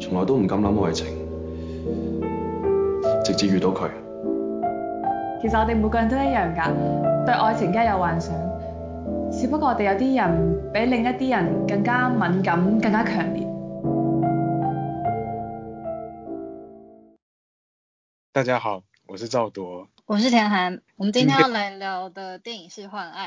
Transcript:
從來都唔敢諗愛情，直至遇到佢。其實我哋每個人都一樣㗎，對愛情梗係有幻想，只不過我哋有啲人比另一啲人更加敏感，更加強烈。大家好，我是趙鐸，我是甜寒，我們今天要來聊的電影是《幻愛》。